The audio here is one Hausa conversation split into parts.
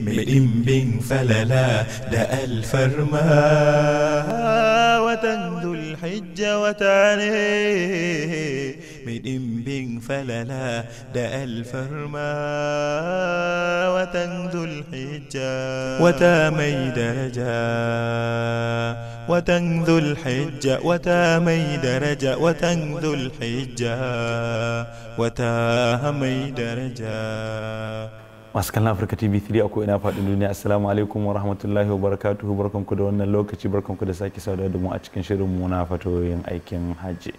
بن فللا دأ الفرما وتندو الحج وتعلي من بن فللا دأ الفرما وتندو الحج وتامي درجا وتنذو الحجة وتامي درجة وتنذو الحجة وتامي درجة masu kallon afirka tv 3 a ina faɗin duniya assalamu alaikum wa rahmatullahi wa barakatuhu barkanku da wannan lokaci barkanku da sake saduwa da mu a cikin shirin mu na fatoyin aikin hajji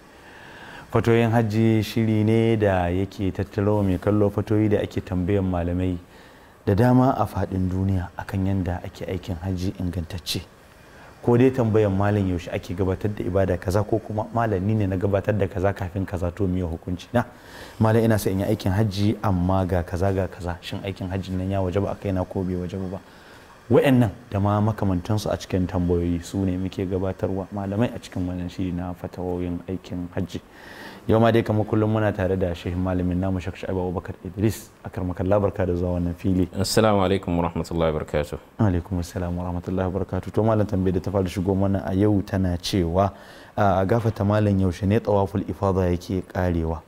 fatoyin hajji shiri ne da yake tattalo mai kallo fatoyi da ake tambayan malamai da dama a faɗin duniya akan yadda ake aikin hajji ingantacce ko dai tambayan malam yaushe ake gabatar da ibada kaza ko kuma malami ne na gabatar da kaza kafin kaza to miya hukunci na malam ina so in yi aikin hajji amma ga kaza ga kaza shin aikin hajjin nan ya wajaba a na ko bai wajaba ba wa'annan da ma makamantansu a cikin tambayoyi su ne muke gabatarwa malamai a cikin wannan shiri na fatawoyin aikin hajji yau ma dai kamar kullum muna tare da shehin malamin namu shak shaibu abubakar idris a karmakan labarka da zuwa wannan fili assalamu alaikum warahmatullahi wabarakatuh alaikum assalamu warahmatullahi wabarakatuh to malam tambe da ta fara shigo mana a yau tana cewa a gafata malam yaushe ne tsawaful ifada yake karewa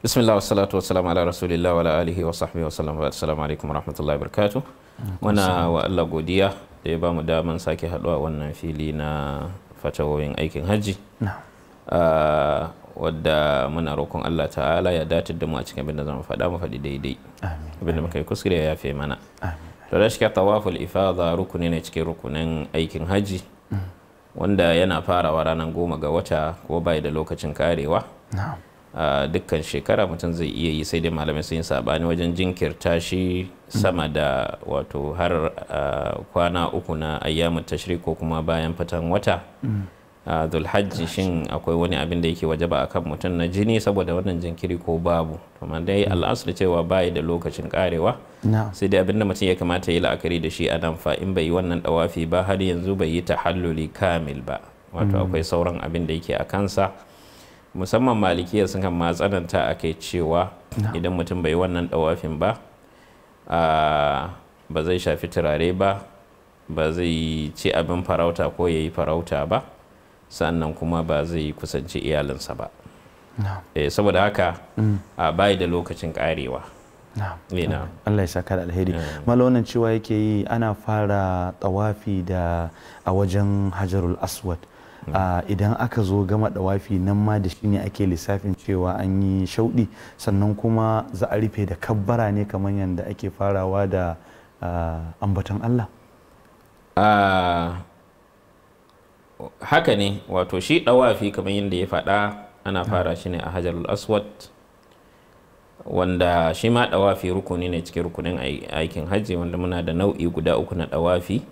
bismillah wasalatu wasalam ala rasulillah wa alihi wa sahbihi wa salam assalamu alaikum wa rahmatullahi wa barakatuh muna wa Allah godiya da ya bamu daman sake haduwa wannan fili na fatawoyin aikin hajji ah, wadda muna roƙon Allah ta'ala ya datar da mu a cikin abinda zama faɗa mu faɗi daidai abin da yi kuskure ya yafe mana to da shi tawaful ifada rukuni ne cikin rukunin aikin hajji mm. wanda yana farawa ranar goma ga wata ko bai da lokacin karewa a dukkan shekara mutum zai iya yi sai dai malamai sun yi sabani wajen jinkirta shi sama da wato har kwana uku na ayyamu tashri ko kuma bayan fitan wata zulhajji shin akwai wani abin da yake ba a kan mutum na jini saboda wannan jinkiri ko babu amma dai hmm. al'asar cewa bayi da lokacin karewa sai dai abin da mutum ya kamata yi la'akari da shi a fa in bai yi wannan dawafi ba har yanzu bai yi tahalluli kamil ba wato hmm. akwai sauran abin da yake a kansa musamman malikiya sun kan matsananta a kai cewa idan mutum bai wannan ɗawafin ba ba zai shafi turare ba ba zai ci abin farauta ko ya yi farauta ba sannan kuma ba zai kusanci iyalinsa ba eh, saboda haka mm. a bayi da lokacin karewa eh, Allah ya saka da alheri eh. malonan cewa yake yi ana fara tawafi da a wajen hajarul aswad idan aka zo gama wafi nan ma da shi ne ake lissafin cewa an yi shauɗi sannan kuma za a rufe da kabbara ne kamar yadda ake farawa da ambaton Allah haka ne wato shi ɗawafi kamar yadda ya faɗa ana fara shi ne a Hajar aswad wanda shi ma ɗawafi rukuni ne cikin rukunin aikin hajji wanda muna da nau'i guda uku na ɗawafi.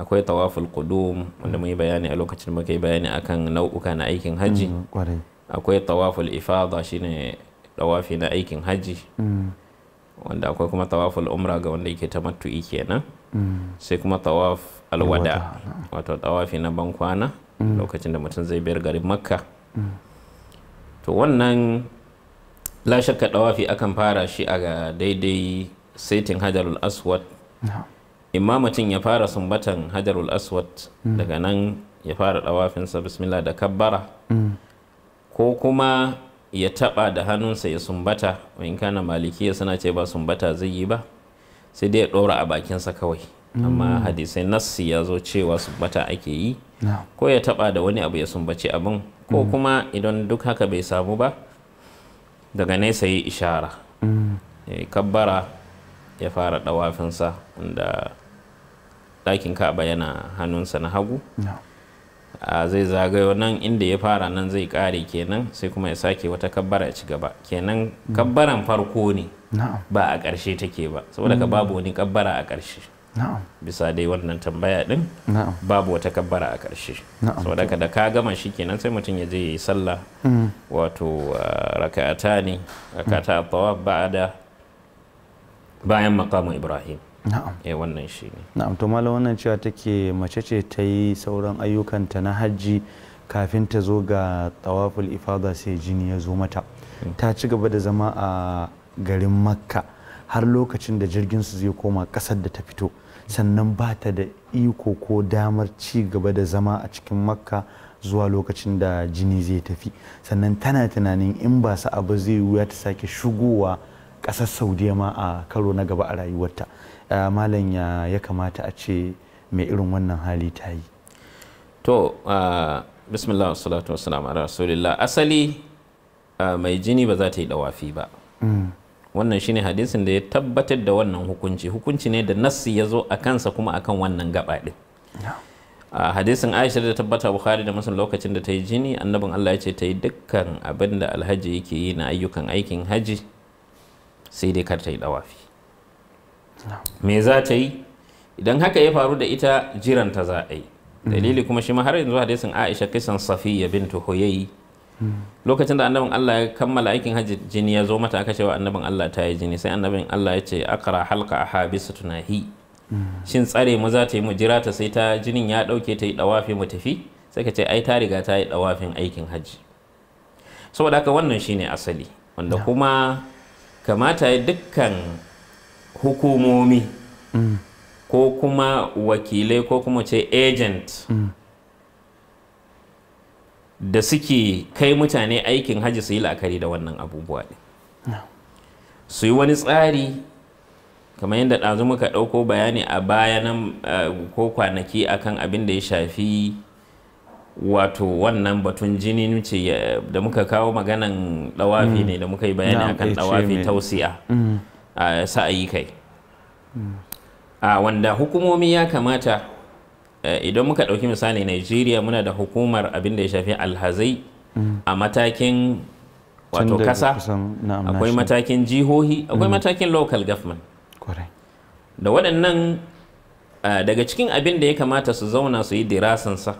akwai tawaful qudum wanda mun yi bayani a lokacin muka yi bayani akan nau'uka na aikin haji mm, akwai tawaful ifada shine tawafi na aikin haji mm. wanda akwai kuma tawaful umra ga wanda yake tamattu'i kenan mm. sai kuma tawaf alwada wato tawafi na bankwana lokacin da mutum zai biyar garin makka to wannan la shakka tawafi akan fara shi a daidai saitin hajarul aswad imma mutum ya fara sumbatan hajarul aswad mm. daga nan ya fara ɗawafinsa bismillah da kabbara mm. ko kuma ya taɓa da hannunsa ya sumbata in kana ya suna ce ba sumbata zai yi ba sai dai ya ɗora a bakinsa kawai mm. amma hadisai nassi ya zo cewa sumbata ake yi ko ya taɓa da wani abu ya sumbaci abin ko kuma idan duk haka bai samu ba daga nesa yi ishara eh, kabbara ya fara ɗawafinsa inda ɗakin ka'aba yana hannunsa na hagu zai zagayo nan inda ya fara nan zai ƙare kenan sai kuma ya sake wata kabbara ya ci gaba kenan mm. kabbaran farko ne ba a ƙarshe take ba saboda ka mm. babu wani kabbara a ƙarshe bisa dai wannan tambaya din babu wata kabbara a ƙarshe saboda ka da ka gama shi kenan sai mutum ya je ya yi sallah mm. wato raka'ata ne raka'ata a bayan makamu ibrahim na'am eh wannan shi ne na'am to malam wannan cewa take mace ce ta yi sauran ayyukanta na hajji kafin ta zo ga tawaful ifada sai jini ya zo mata mm. ta ci gaba da zama a garin makka har lokacin da jirgin su zai koma kasar da ta fito sannan ba ta da iko ko damar ci gaba da zama a cikin makka zuwa lokacin da jini zai tafi sannan tana tunanin in ba su abu zai wuya ta sake shigowa ƙasar saudiya ma a karo na gaba a rayuwarta malam ya kamata a ce mai irin wannan hali ta yi to bismillah salatu wasalam ala rasulillah asali mai jini ba za ta yi dawafi ba mm. wannan shine hadisin da ya tabbatar da wannan hukunci hukunci ne da nassi ya zo a kansa kuma akan wannan gaba din a hadisin aisha da tabbata Buhari da masu lokacin da ta yi jini annabin allah ya ce ta yi dukkan abin da alhaji yake yi na ayyukan aikin haji sai dai kar ta yi dawafi me za ta yi idan haka ya faru da ita jiran ta za a yi dalili kuma shi ma har yanzu hadisin Aisha kisan Safiya bintu Huyay lokacin da annabin Allah ya kammala aikin hajji jini ya zo mata aka cewa annabin Allah ta yi jini sai annabin Allah ya ce akara halka a habisa tunahi shin tsare mu za ta yi mu jira ta sai ta jinin ya dauke ta yi dawafi mu tafi sai ka ce ai ta riga ta yi dawafin aikin hajji saboda haka wannan shine asali wanda kuma kamata ya dukkan hukumomi mm. ko kuma wakilai ko kuma ce agent mm. da suke kai mutane aikin hajji su yi la'akari da wannan abubuwa ne. su yi wani tsari kamar yadda ɗazu muka ɗauko bayani a bayanan eh, ko kwanaki akan abin da ya shafi wato wannan batun jini ce eh, da muka kawo maganan ɗawafi mm. ne da muka yi bayani akan eh, ɗawafi tausiya a sa'ayi kai wanda hukumomi ya kamata eh, idan muka ɗauki misali Najeriya muna da hukumar abin da ya shafi alhazai a matakin wato kasa akwai matakin jihohi akwai mm. matakin local government da waɗannan eh, daga cikin abin da ya kamata su zauna su yi dirasansa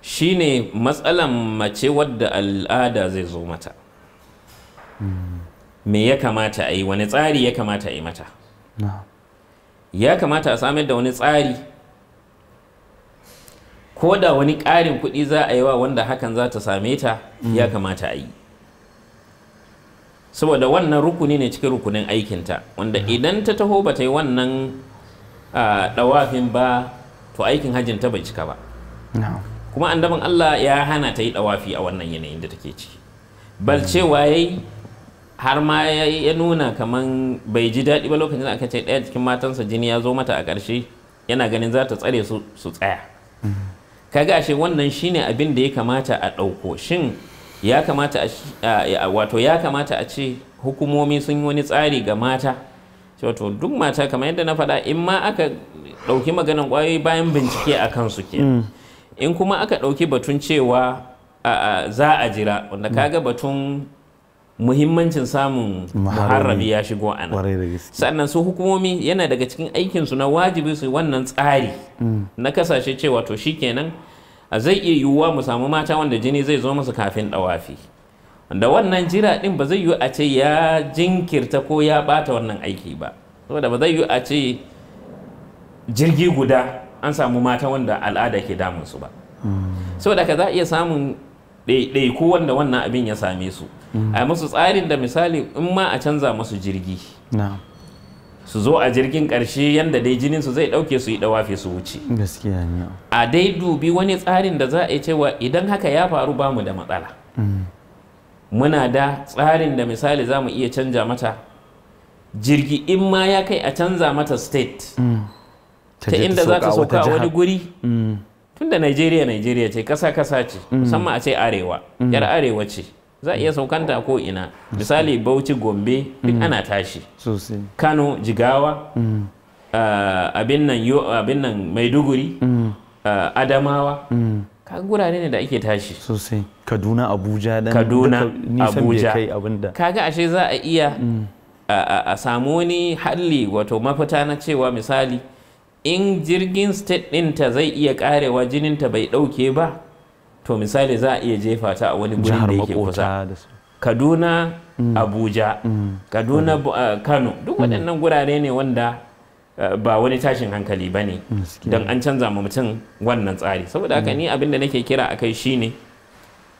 shine matsalan mace wadda al'ada zai zo mata mm. me ya kamata a yi wani tsari ya kamata a yi mata ya kamata a samar da wani tsari ko da wani ƙarin kuɗi za a yi wa wanda hakan za ta same ta mm. ya kamata a yi saboda wannan rukuni ne cikin rukunin aikinta wanda idan ta taho ba ta yi wannan ɗawafin ba to aikin hajjin ta bai cika ba kuma annabin Allah ya hana ta yi ɗawafi a wannan yanayin da take ciki bal mm. cewa yayi har ma ya nuna kaman bai ji daɗi ba lokacin da aka ce ɗaya cikin matansa jini ya zo mata a ƙarshe yana ganin za ta tsare su su tsaya mm-hmm. ga ashe wannan shine abin da ya kamata a ɗauko shin ya kamata a wato ya kamata a ce hukumomi sun yi wani tsari ga mata wato duk mata kamar yadda na faɗa in ma aka ɗauki maganan ƙwayoyi bayan bincike a kansu ke mm. in kuma aka ɗauki batun cewa za a jira wanda kaga batun muhimmancin samun muharrami ya shigo a nan sannan su hukumomi yana daga cikin aikinsu na wajibi su wannan tsari mm. na kasashe cewa to shikenan zai iya yiwuwa mu samu mata wanda jini zai zo musu kafin dawafi da wannan jira din ba zai yiwu a ce ya jinkirta ko ya bata wannan aiki ba saboda ba zai yiwu a ce jirgi guda an samu mata wanda al'ada ke damun ba mm. saboda ka za a iya samun ɗaiɗaiku wanda wannan abin ya same su mm. a musu tsarin da misali in ma a canza musu jirgi su zo a jirgin ƙarshe yadda dai jinin su zai ɗauke su yi ɗawafe su wuce a dai dubi wani tsarin da za a yi cewa idan haka ya faru ba mu da matsala mm. muna da tsarin da misali za mu iya canza mata jirgi in ma ya kai a canza mata state mm. ta inda za ta sauka wani guri tunda Najeriya Najeriya ce kasa kasa ce mm. musamman a ce arewa mm. yar arewa ce za a iya saukanta ko ina misali Bauchi Gombe duk mm. ana tashi Kano Jigawa ah, abin nan Maiduguri ah, Adamawa ka gurare ne da ake tashi Kaduna Abuja dan Kaduna Abuja kaga ashe za a iya a samu wani halli wato mafita na cewa misali in jirgin state ɗinta zai iya karewa jininta bai ɗauke ba to misali za a iya jefa ta a wani gurin da yake kusa kaduna mm. abuja mm. kaduna uh, kano duk mm. waɗannan gurare ne wanda uh, ba wani tashin hankali ba ne don an canza ma mutum wannan tsari saboda haka ni abin da nake kira a kai shine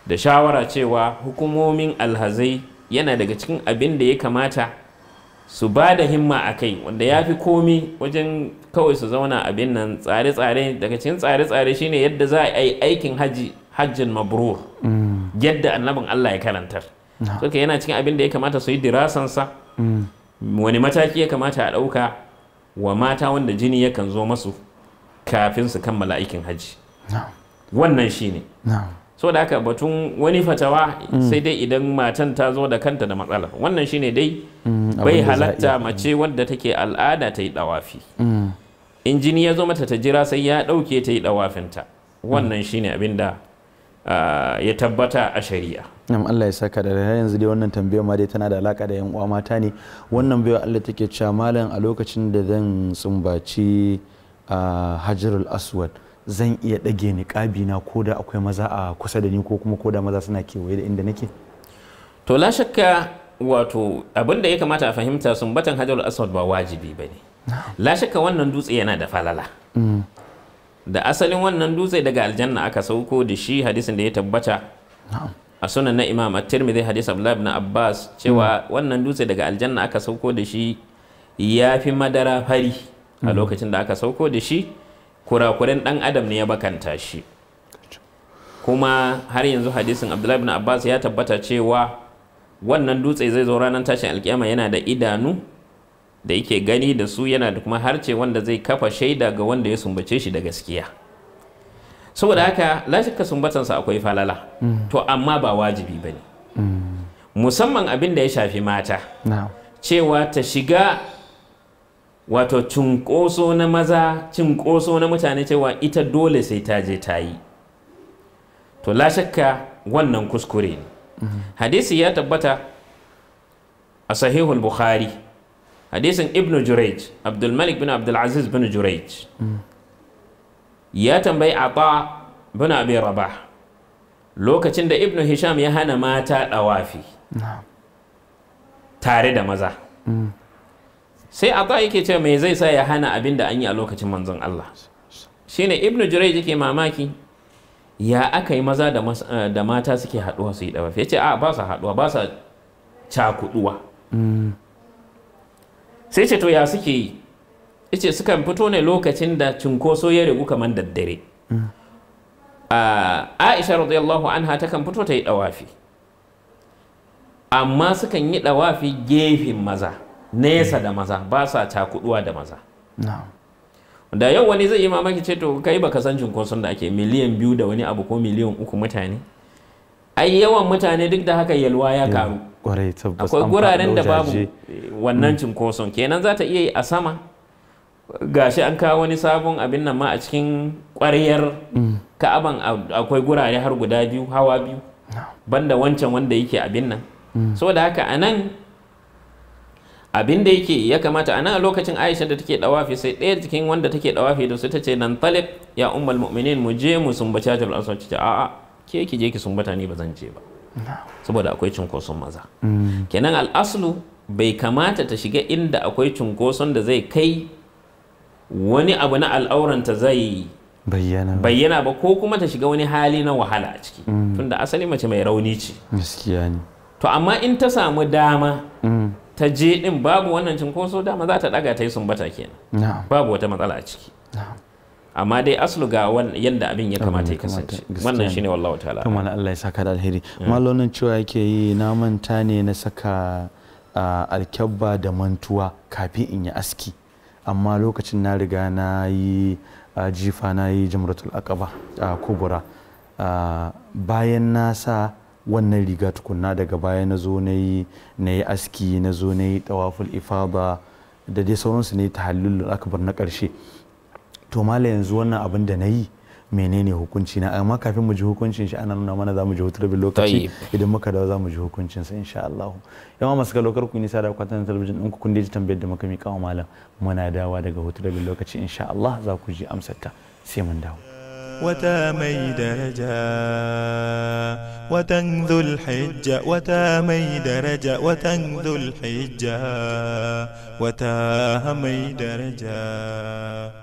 da shawara cewa hukumomin alhazai yana daga cikin abin da ya kamata su ba da himma a kai wanda ya fi komi wajen kawai su zauna abin nan tsare-tsare daga cikin tsare-tsare shine yadda za a yi aikin haji hajjin mabrur mm. yadda annabin Allah ya karantar suka yana cikin abin da ya kamata su yi dirasansa mm. wani mataki ya kamata a ɗauka wa mata wanda jini yakan zo masu kafin su kammala aikin haji wannan shine so da haka batun wani fatawa mm. sai dai idan matan ta zo da kanta da matsala wannan shine dai bai halatta mace wadda take al'ada ta yi dawafi in jini ya zo mata ta jira sai ya ɗauke ta yi ɗawafinta wannan shine abin da ah, ya tabbata a shari'a nam Allah ya saka da yanzu dai wannan tambayar ma dai tana da alaka da yan uwa mata ne wannan baiwa Allah take cewa malam a lokacin da zan sumbaci ah, hajarul aswad zan iya dage ni kabi na koda akwai maza a kusa da ni ko kuma koda maza suna kewaye da inda nake to la shakka wato abin da ya kamata a fahimta sumbatan hajarul aswad ba wajibi bane la wannan dutse yana da falala da asalin wannan dutse daga aljanna aka sauko da shi hadisin da ya tabbata a sunan na imam at-tirmidhi hadis abdullah ibn abbas cewa mm. wannan dutse daga aljanna aka sauko da shi ya fi madara fari a mm. lokacin da aka sauko da shi kurakuren dan adam ne ya bakanta shi kuma har yanzu hadisin abdullah ibn abbas ya tabbata cewa wannan dutse zai zo ranar tashin alkiyama yana da idanu da yake gani da su yana da kuma harce wanda zai kafa shaida ga wanda ya sumbace shi da gaskiya saboda haka lashika sumbatansa akwai falala to amma ba wajibi ba ne musamman abin da ya shafi mata cewa ta shiga wato cinkoso na maza cinkoso na mutane cewa ita dole sai ta je ta yi to la shakka wannan kuskure ne mm-hmm. hadisi ya tabbata a sahihul bukhari hadisin ibnu jurej abdulmalik bin abdulaziz bin jurej ya tambayi ata bin abi rabah lokacin da ibnu hisham ya hana mata dawafi tare da maza mm. sai ata yake ce mai zai sa ya hana abin da an yi a lokacin manzon Allah shine ibnu jurej yake mamaki ya aka yi maza da mata suke haduwa su yi dawafi yace a ba su haduwa ba su cakuduwa mm. sai ce to ya suke yi ice sukan fito ne lokacin da cinkoso ya rigu kamar daddare mm. ah, aisha radiyallahu anha takan fito ta yi dawafi amma sukan yi dawafi gefen maza nesa mm. da maza ba sa cakuduwa da maza da yau wani zai yi mamaki ce to kai baka san cinkoson da ake miliyan biyu da wani abu ko miliyan uku mutane ai yawan mutane duk da haka yalwa ya karu akwai guraren da babu wannan mm. cinkoson kenan za ta iya yi a sama gashi an kawo wani sabon abin nan ma a cikin kwaryar mm. ka'aban akwai gurare har guda biyu hawa biyu banda wancan wanda yake abin nan mm. saboda haka a nan abin da yake ya kamata a nan lokacin aisha da take dawafi sai ɗaya cikin wanda take dawafi da su ta ce nan talib ya ummal mu'minin mu je mu sumbaci ta a. ke ki je ki sumbata ni ba zan je ba saboda akwai cunkoson maza mm. kenan al'aslu bai kamata ta shiga inda akwai cunkoson da zai kai wani abu na al'auranta zai bayyana ba ko kuma ta shiga wani hali na wahala a ciki mm. tunda asali mace mai rauni ce to amma in ta samu dama mm. ta je din babu wannan cinkoso dama za ta daga ta yi sumbata kenan babu wata matsala a ciki amma dai asalu ga yadda abin ya kamata ya kasance wannan shine wallahu ta'ala kuma Allah ya saka da alheri malonin cewa yake yi na manta ne na saka alkyabba da mantuwa kafin in yi aski amma lokacin na riga na yi jifa na yi jamratul akaba. a kubura bayan na sa wannan riga tukunna daga baya na zo na yi aski na zo na yi tawaful ifaba da dai sauransu ne ta halilul akbar na ƙarshe to mala yanzu wannan abin da nayi menene hukunci na amma kafin mu ji hukuncin shi ana nuna mana zamu ji hutu rabin lokaci idan muka dawo zamu ji hukuncin sa insha Allah yawa masu kallo kar ku sa da kwatan talabijin din ku kun ji tambayar da muka mika wa malam muna dawa daga hutu rabin lokaci insha Allah za ku ji amsar ta sai mun dawo وتامي درجة وتنذو الحجة وتامي درجة وتنذو الحجة وتامي درجة